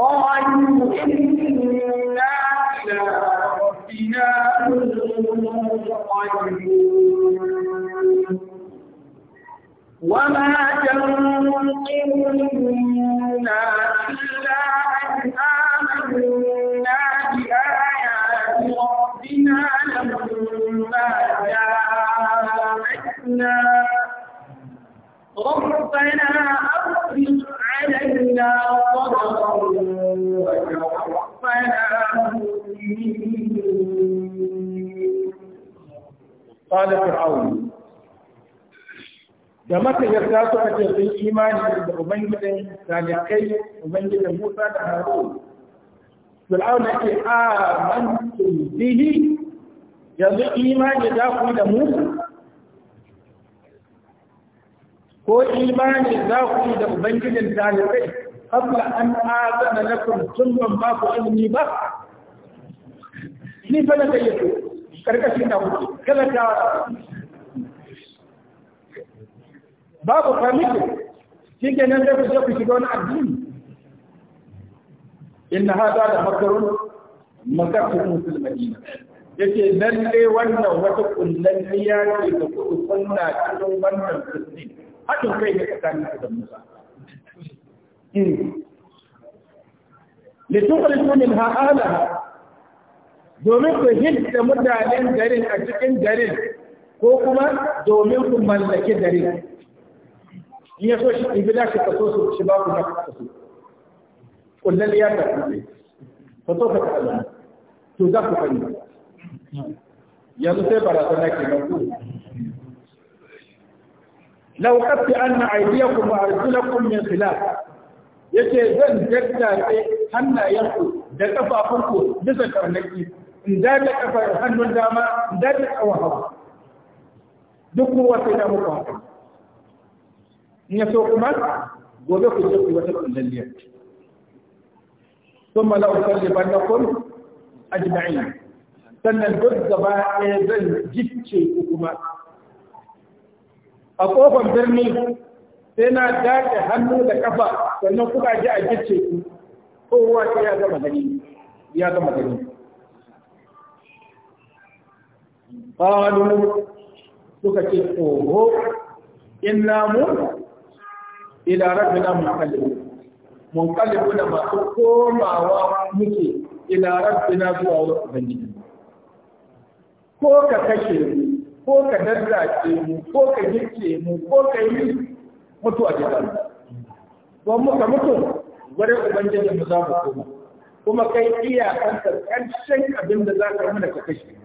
قالوا إنا إلى ربنا منقلبون وما تنقم منا إلا أن آمنا بآيات ربنا لما جاءتنا ربنا أفرغ وجدنا صدقا وتوفنا قال فرعون da maka yarda suka ce sun imani da ubangijin zalikai ubangijin musa da haru fir'aun ya ce a yanzu ku da ko imani za ku yi da ubangijin talibai kabla an azana lakum tun ban ba ku ilimi ba ni fa na gayyato karkashin da kuke kada ta babu famiki shi ke nan zai ku je ku shiga wani addini inna hada da makarun makarun musulmani yake lalle wannan wata kullan ya ce da kuɗi sunna cikin wannan musulmi haɗin kai ne tsakanin su da Musa لتخرجوا منها domin ku hidda mutanen garin a cikin garin ko kuma domin ku mallake garin in ya so shi ibila shi kaso su shi ba ku kaso kullal ya ta ta'ala to za ku yanzu sai barazana ke nan lau kafi an na aidiyakum wa arjulakum min khilaf yace zan daddatse hannayenku da kafafunku bisa karnaki in da da kafar hannun dama in da da tsawon duk kowa sai da muku haka in ya so kuma gobe ku je ku wata kullalliyar ثم لو صلبنكم أجمعين sannan duk gaba ɗaya zan gicce ku kuma a kofar birni sai na daɗe hannu da ƙafa, sannan kuka ji a gice ku kowa sai ya gama gani ya gama gani qalu suka ce oho inna mu ila rabbina munqalib munqalib da masu komawa muke idara rabbina zuwa ubangiji ko ka kashe mu ko ka ke mu ko ka gicce mu ko ka yi mutu a jikin ko muka mutu wurin ubangiji mu za mu koma kuma kai iya kanka ƙarshen abin da za ka mana ka kashe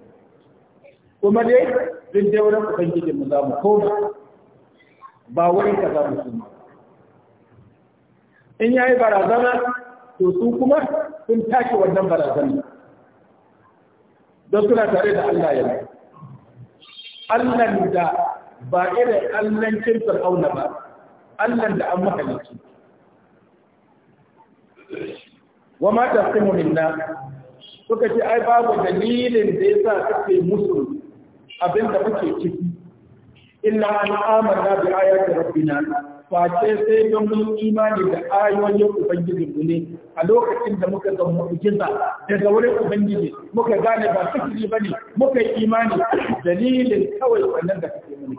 kuma dai duk dai wurin ubangiji mu za mu koma ba wani ka za mu koma in yayi barazana to su kuma sun tashi wannan barazana don suna tare da Allah ya yi allan da ba irin allancin fir'auna ba allan da an mahalicci wa ma tasimu minna suka ce ai babu dalilin da yasa kake musu abinda kuke muke ciki illa an amana bi ayati rabbina face sai don mun imani da ayoyin ubangiji ne a lokacin da muka ga mu'jiza daga wurin ubangiji muka gane ba sihiri bane muka yi imani dalilin kawai wannan da kake mu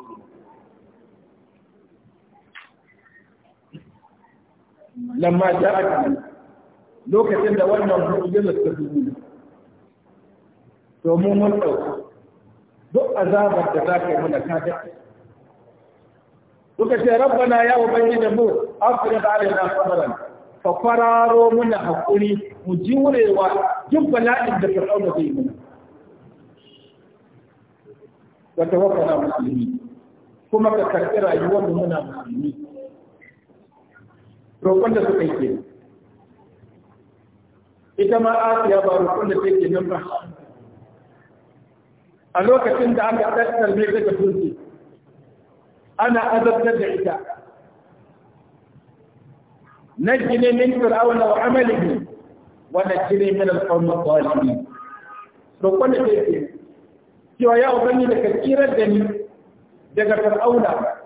lamma ja'at lokacin da wannan mu'jiza ta dubu to mun mun dauka duk azabar da za ka yi mana ka suka ce rabbana ya da mu da alaina sabran ka fararo muna hakuri mu jurewa duk bala'in da fir'auna zai mana wa na musulmi kuma ka karɓi rayuwar mu muna musulmi roƙon da suka yi ke ita ma asiya ba roƙon da take nan ba a lokacin da aka ɗaskar mai daga turki ana azabtar da ita najjini min fir'auna wa amalihi wa najjini min al-qawmi adh-dhalimin to kwanda yake cewa ya ubangi da kirar da ni daga fir'auna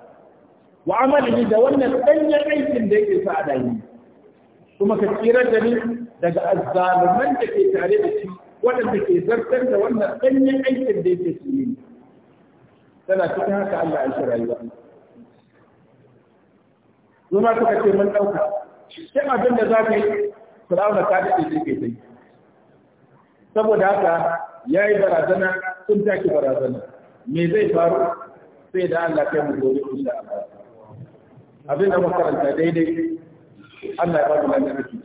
wa amalihi da wannan danyen aikin da yake sa da ni kuma ka kirar da ni daga azzaluman da ke tare da shi waɗanda ke zartar da wannan danyen aikin da yake su yi tana cikin haka Allah ya shi rayuwa zuma suka ce mun ɗauka sai abin da za ka yi fir'auna ta daɗe shi kai yi. saboda haka ya yi barazana sun take barazana me zai faru sai da Allah kai mu gobe da Allah abin da makaranta daidai Allah ya ba mu lafiya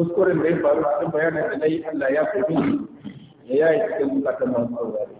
kuskuren da ya faru a cikin bayanin da yi Allah ya koyi ya yi cikin zukatan masu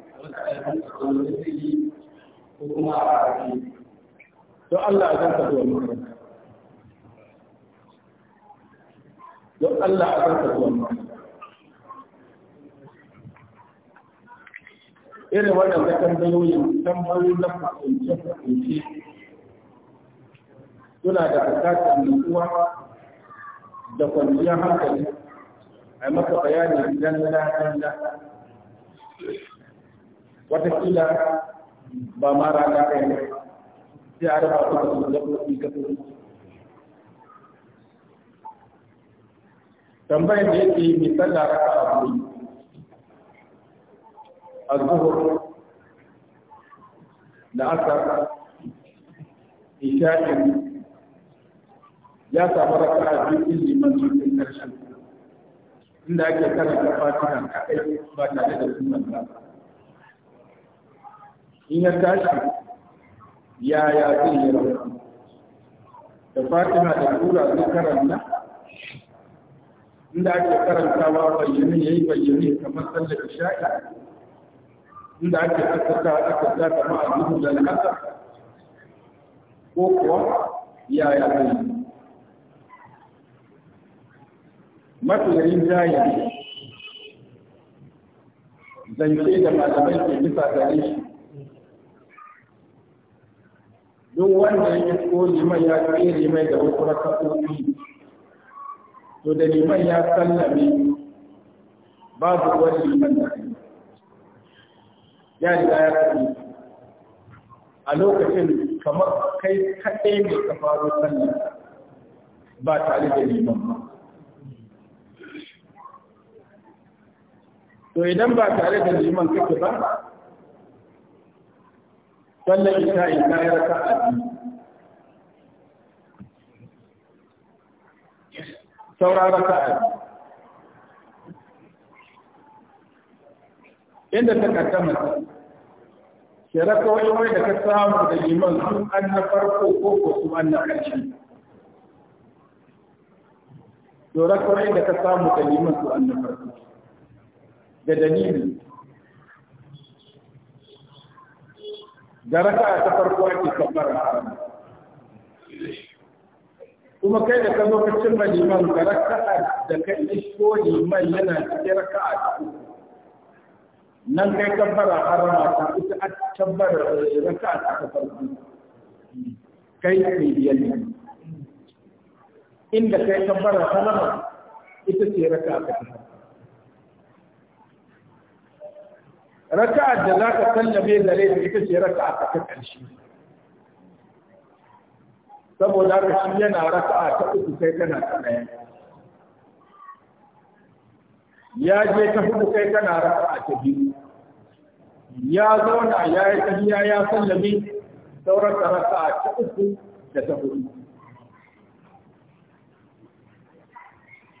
ko kuma a Allah zan zuwa don Allah irin wannan ta don tambayoyin na fahimce suna da bukatar nutsuwa da kwanciyar hankali a maka bayani idan na da watakila ba ma rana kai ne sai a raba su da su zaɓoɓi ka su tambayar da yake yi misalla raka a wuri a zuhur da asar isha'in ya samu raka a biyu ilimin cikin karshen, inda ake karanta fatiha kaɗai ba tare da sunan ba in ya tashi ya-ya zai yi rauni da fatima da tura zai karanta inda ake karantawa bayyane ya yi bayyane kamar sallar isha'i inda ake asaka aka sa ma a da al'asa ko kuwa ya-ya zai yi matsayin jayin zance da malamai ke bisa gare shi duk wanda ya ko liman ya tsere mai da wasu rakaɓoɓi to da liman ya sallame babu wani liman da ya riga ya tafi a lokacin kamar kai kaɗai ne ka faru sannan ba tare da liman ba to idan ba tare da liman kake ba sallar isha'i ta yi raka a saura raka a inda ta kaddama ke raka wani wai da ka samu da liman an na farko ko ko an na ƙarshe to raka wani da ka samu da liman an na farko da dalilin da raka ta farko ake kabbar harama kuma kai da ka zo ka cimma liman da raka'a da ka isko liman yana cikin raka'a a uku nan kai kabbara harama ta ita a tabbar a ta farko kai ne biyar ne inda kai kabbara harama ita ce raka'a ta farko raka'ar da za ka sallame gare da ita ce raka'a ta ƙarshe saboda haka shi yana raka'a ta uku kai kana ta ɗaya ya je ta hudu kai kana raka'a ta biyu ya zauna ya yi tafiya ya sallame sauran ta raka'a ta uku da ta hudu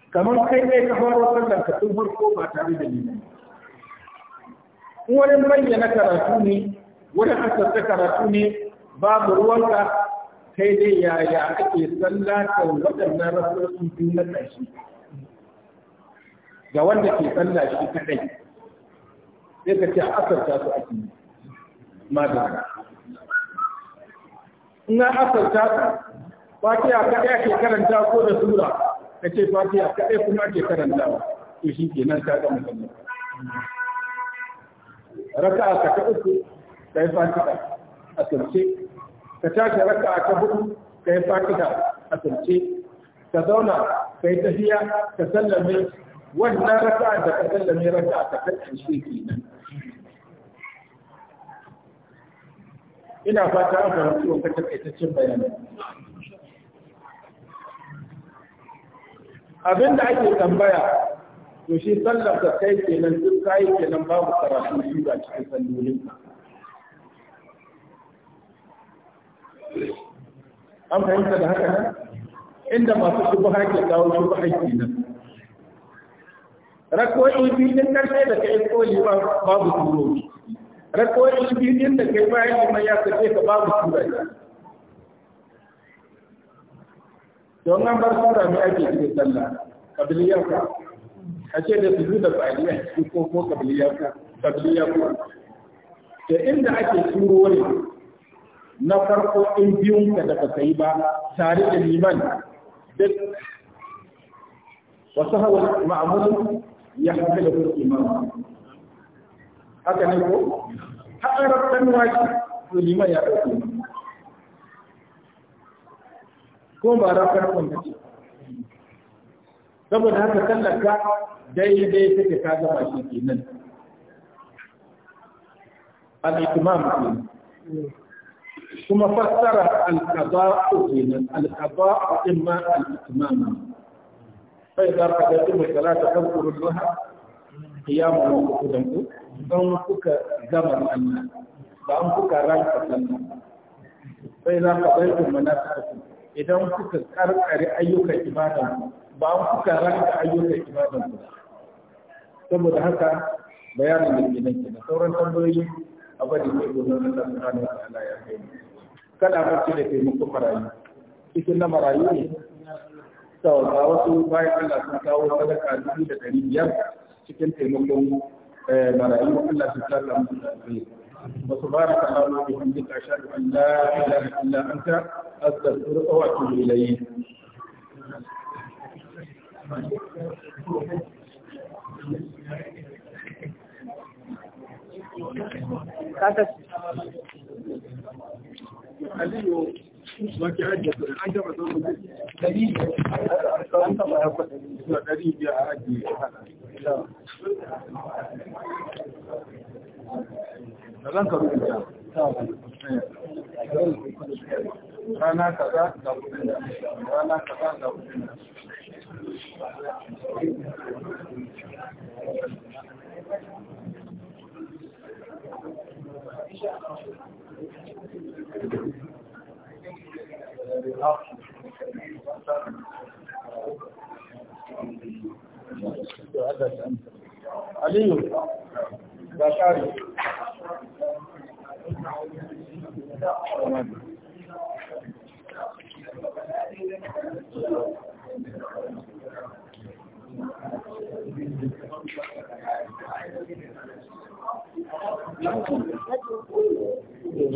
kamar kai ne ka faro sallar ka tun farko ba tare da nuna in wani bayyana karatu ne wani hasarta karatu ne babu ruwanka kai dai yaya ake ta waɗannan rasulun biyu na ƙarshe ga wanda ke tsalla shi kaɗai sai ka ce asarta su ake yi madara ina asarta su fatiya kaɗai ake karanta ko da sura ka ce fatiya kaɗai kuma ake karanta to shi kenan ta ga musamman raka'a ka ta uku kai fatiha a turce ka tashi raka'a ka hudu kai fatiha a turce ka zauna kai tafiya ka sallame wannan raka'a da ka sallame raka'a ka ta ƙarshe kenan ina fata an fahimci wa ta aitaccen bayanai abinda ake tambaya to shi sallar ka kai kenan duk kai kenan babu karatu shi ba cikin sallolin ka an fahimta da haka nan inda masu shubha ke kawo shubha kenan rakoyi biyun karshe da kai koyi ba babu turo rakoyi biyun da kai bayan kuma ya kace ka babu turo don an bar sura mai ake cikin sallah kabiliyar ka a ce da su da ba'aliya ko ko kabiliya ko kabiliya ko da inda ake turo ne na farko in biyun ka da baka yi ba tare da liman duk wasu hawa ma'amudu ya hafi da kurki ma haka ne ko haɗarar ɗan waki to liman ya ɗauke ko ba rafar kwanci saboda haka tallaka daidai take ka gama shi kenan al ikmam ke. kuma fassara al-qada'u kenan al-qada'u imma al-itimam fa idza qadaytum salata fadhkuru Allah qiyaman wa qu'udan don kuka gama Allah ba an kuka ranka sallah fa idza qadaytum manasikakum idan kuka karkare ayyukan ibada ba an kuka ranka ayyukan ibada ba saboda haka bayanin da ke nan kenan sauran tambayoyi a bari ne gobe na Allah subhanahu wa ta'ala ya kai kada barci da taimako marayu cikin na marayu ne to ga wasu bayan Allah sun kawo sadaka dubu da ɗari biyar cikin taimakon eh, marayu Allah subhanahu wa ta'ala وسبحانك اللهم وبحمدك اشهد ان Allah an الا انت استغفرك واتوب اليك Thank you. kaka aliyu wake hajjar da da Thank you. علي بشاري Thank you.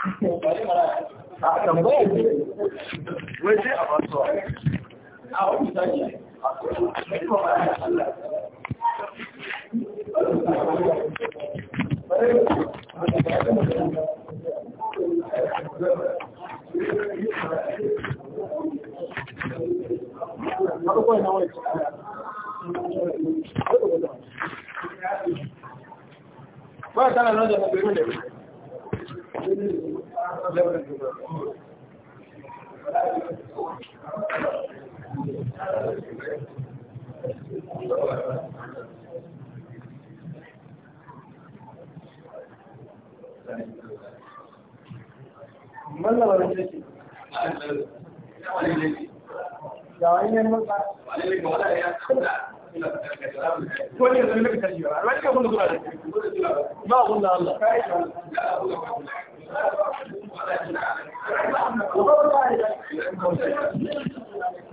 a tambayar ne wai sai a fasuwa a wani mallaba da wani ne ba wani ne wani ne ba ko ne zai laka tashi ba alwani ka kunna da ba kunna Allah Thank you.